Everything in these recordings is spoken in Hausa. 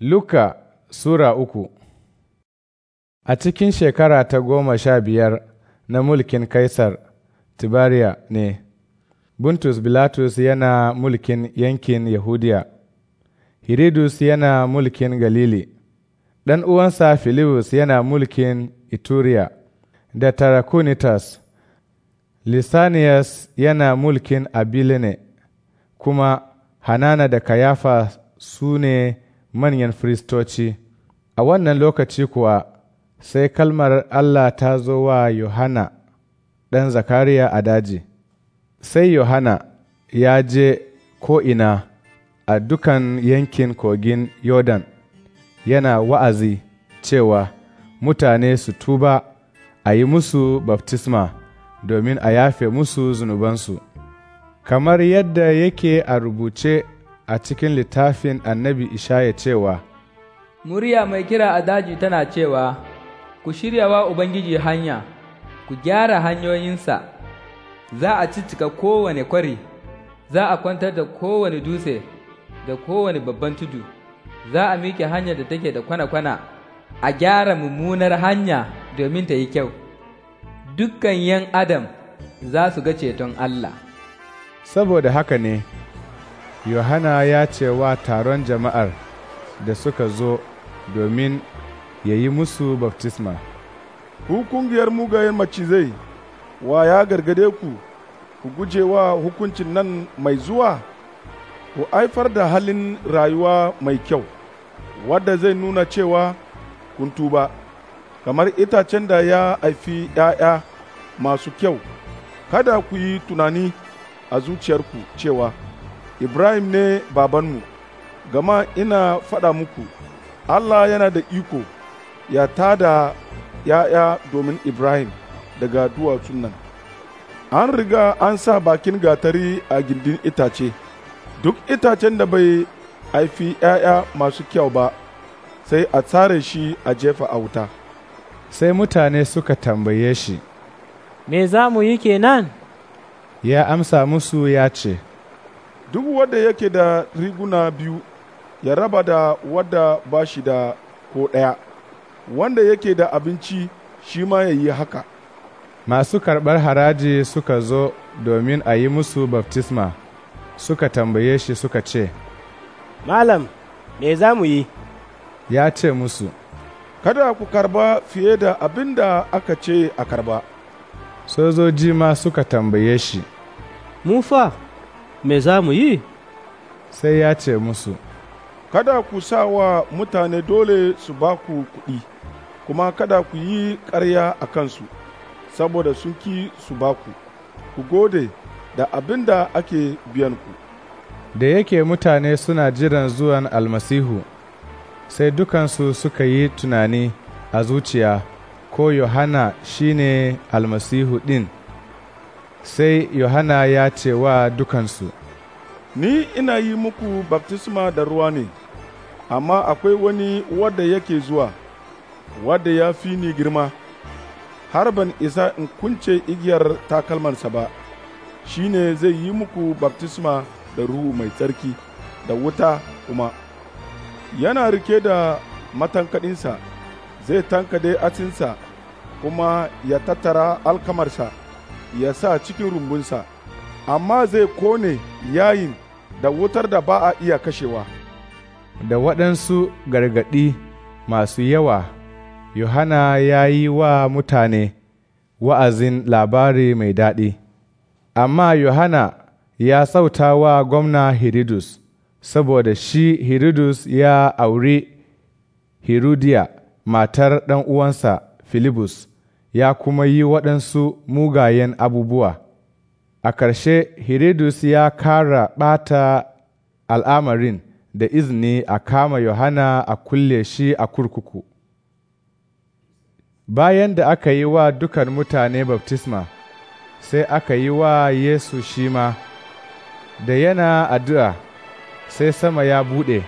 Luka Sura uku A cikin shekara ta goma sha biyar na mulkin Kaisar Tibariya ne, Buntus Bilatus yana mulkin yankin Yahudiya, Hiridus yana mulkin Galili, ɗan uwansa Filibus yana mulkin Ituriya, da Tarakunitas, Lisaniyas yana mulkin Abilene" kuma Hanana da Kayafa su ne manyan firistoci, a wannan lokaci kuwa sai kalmar Allah ta zo wa Yohana ɗan Zakariya a daji, sai Yohana ya je ko'ina a dukan yankin kogin Yodan yana wa'azi cewa mutane su tuba a yi musu baftisma domin a yafe musu zunubansu, kamar yadda yake a rubuce a cikin littafin annabi Ishaya cewa, Murya mai kira a daji tana cewa, Ku shirya wa Ubangiji hanya, ku gyara hanyoyinsa, za a cicika kowane kwari, za a kwantar da kowane dutse da kowane babban tudu, za a miƙe hanyar da take da kwana-kwana, a gyara mummunar hanya domin ta yi kyau. Dukkan ‘yan Adam za su ga ceton Allah. Saboda haka ne, Yohana ya ce wa taron jama'ar da suka zo domin ya yi musu baftisma. Ku kungiyar mugayen macizai, wa ya gargade ku, ku guje wa hukuncin nan mai zuwa, ku aifar da halin rayuwa mai kyau, wadda zai nuna cewa kun tuba, kamar itacen da ya haifi ‘ya'ya masu kyau, kada ku yi tunani a zuciyarku cewa. Ibrahim ne babanmu, gama ina faɗa muku, Allah yana da iko ya tada ‘ya'ya domin Ibrahim daga duwatsun nan. An riga an sa bakin gatari a gindin itace, duk itacen da bai haifi ‘ya'ya masu kyau ba, sai a tsare shi a jefa a wuta. Sai mutane suka tambaye shi, Me za mu yi kenan? Ya amsa musu ya ce, duk wanda yake da riguna biyu ya raba da wadda ba shi da ko ɗaya wanda yake da abinci shi ma ya yi haka masu karɓar haraji suka zo domin a yi musu baftisma suka tambaye shi suka ce malam me za mu yi ya ce musu kada ku karba fiye da abin da aka ce a karba sojoji ma suka tambaye shi mu me za mu yi? Sai ya ce musu, Kada ku sa wa mutane dole su ba ku kuɗi, kuma kada ku yi ƙarya a kansu, saboda sun ki su ba ku, ku gode da abin da ake biyan ku. Da yake mutane suna jiran zuwan almasihu, sai dukansu suka yi tunani a zuciya ko Yohana shine almasihu ɗin. sai Yohana ya ce wa dukansu, Ni ina yi muku baptisma da ruwa ne, amma akwai wani wadda yake zuwa, wadda ya fi ni girma, har ban isa in kunce igiyar takalmansa ba, shi ne zai yi muku baptisma da ruhu mai tsarki da wuta kuma. Yana rike da matankadinsa zai tankade atinsa kuma ya tattara alkamarsa. ya sa cikin rumbunsa, amma zai kone yayin da wutar da ba a iya kashewa. Da waɗansu gargaɗi masu yawa, Yohana ya yi wa mutane wa'azin labari mai daɗi, amma Yohana ya sauta wa gwamna Hiridus, saboda shi Hiridus ya auri Hirudiya matar ɗan uwansa Filibus. ya kuma yi waɗansu mugayen abubuwa. A ƙarshe, Hiridus ya kara ɓata al'amarin da izini a kama Yohana a kulle shi a kurkuku. Bayan da aka yi wa dukan mutane baftisma, sai aka yi wa Yesu shi ma, da yana addu'a, sai sama ya buɗe,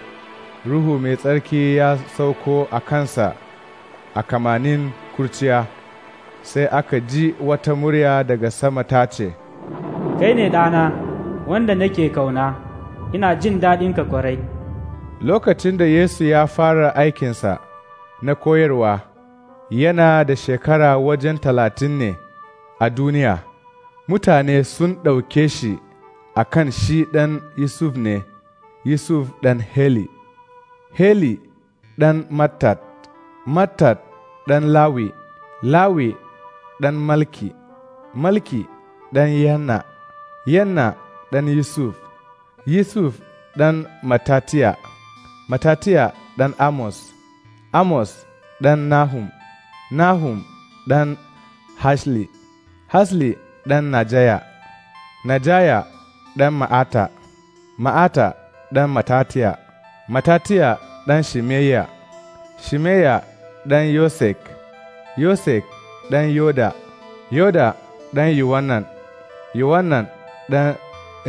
Ruhu mai tsarki ya sauko a kansa a kamanin kurciya. sai aka ji wata murya daga sama ta ce, Kai ne ɗana, wanda nake kauna, ina jin daɗinka kwarai. Lokacin da Yesu ya fara aikinsa na koyarwa, yana da shekara wajen talatin ne a duniya, mutane sun ɗauke shi a kan shi ɗan Yusuf ne, Yusuf ɗan Heli, Heli ɗan Mattat, Mattat ɗan Lawi, Lawi ɗan Malki, Malki ɗan Yanna, Yanna ɗan Yusuf, Yusuf ɗan Matatiya, Matatiya ɗan Amos, Amos ɗan Nahum, Nahum ɗan hasli hasli ɗan Najaya, Najaya ɗan Ma'ata, Ma'ata ɗan Matatiya, Matatiya ɗan Shimeya, Shimeya ɗan Yosek, Yosek ɗan Yoda, Yoda ɗan Yuwannan, Yuwannan ɗan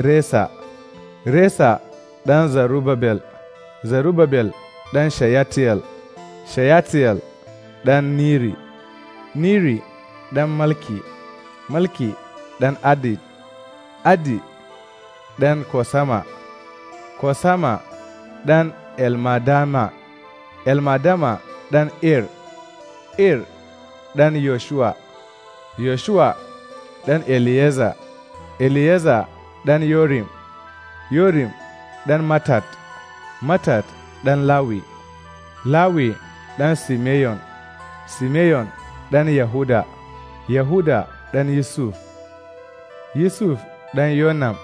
Resa, Resa ɗan Zarubabel, Zarubabel ɗan Shayatiyal, Shayatiyal ɗan Niri, Niri ɗan Malki, Malki ɗan Adi, Adi ɗan Kosama, Kosama ɗan Elmadama, Elmadama ɗan Ir, Ir ɗan Yoshua, Yoshua. ɗan eliyaza eliyaza ɗan Yorim, Yorim ɗan Matat, Matat ɗan Lawi, Lawi ɗan Simeyon, Simeyon ɗan Yahuda, Yahuda ɗan Yusuf, Yusuf ɗan Yonam,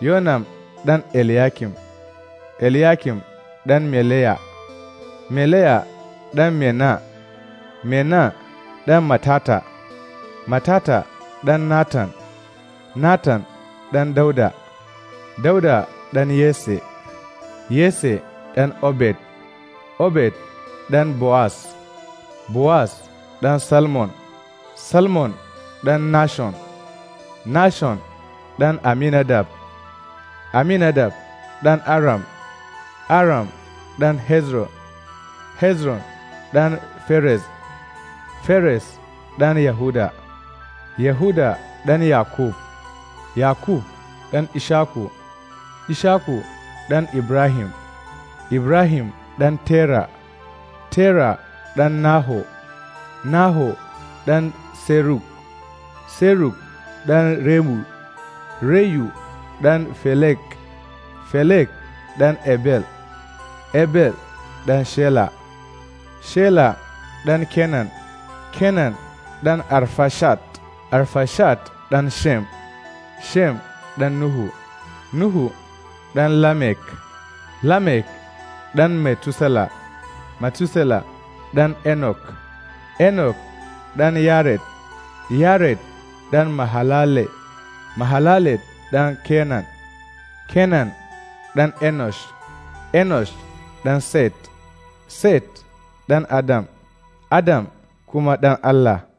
Yonam ɗan Eliyakim, Eliyakim ɗan Meleya, Meleya ɗan Mena, Mena Dan Matata, Matata dan Natan, Natan dan Dauda, Dauda dan Yese, Yese; dan Obed, Obed dan Boaz, Boaz dan Salmon, Salmon dan Nashon, Nashon dan Aminadab, Aminadab dan Aram, Aram dan Hezron, Hezron dan Ferez, Feres ɗan Yahuda, Yahuda ɗan Yakub, Yakub ɗan Ishaku, Ishaku ɗan Ibrahim, Ibrahim ɗan Tera, Tera ɗan Naho, Naho ɗan Seruk, Seruk ɗan Remu, Reyu ɗan Felek, Felek ɗan Ebel, Ebel ɗan Shela, Shela ɗan Kenan, Kenan dan Arfashat, Arfashat dan Shem, Shem dan Nuhu, Nuhu dan Lamek, Lamek dan Metusela, Metusela dan Enok, Enok dan Yared, Yared dan Mahalale, Mahalale dan Kenan, Kenan dan Enosh, Enosh dan Set, Set dan Adam, Adam kuma ɗan Allah.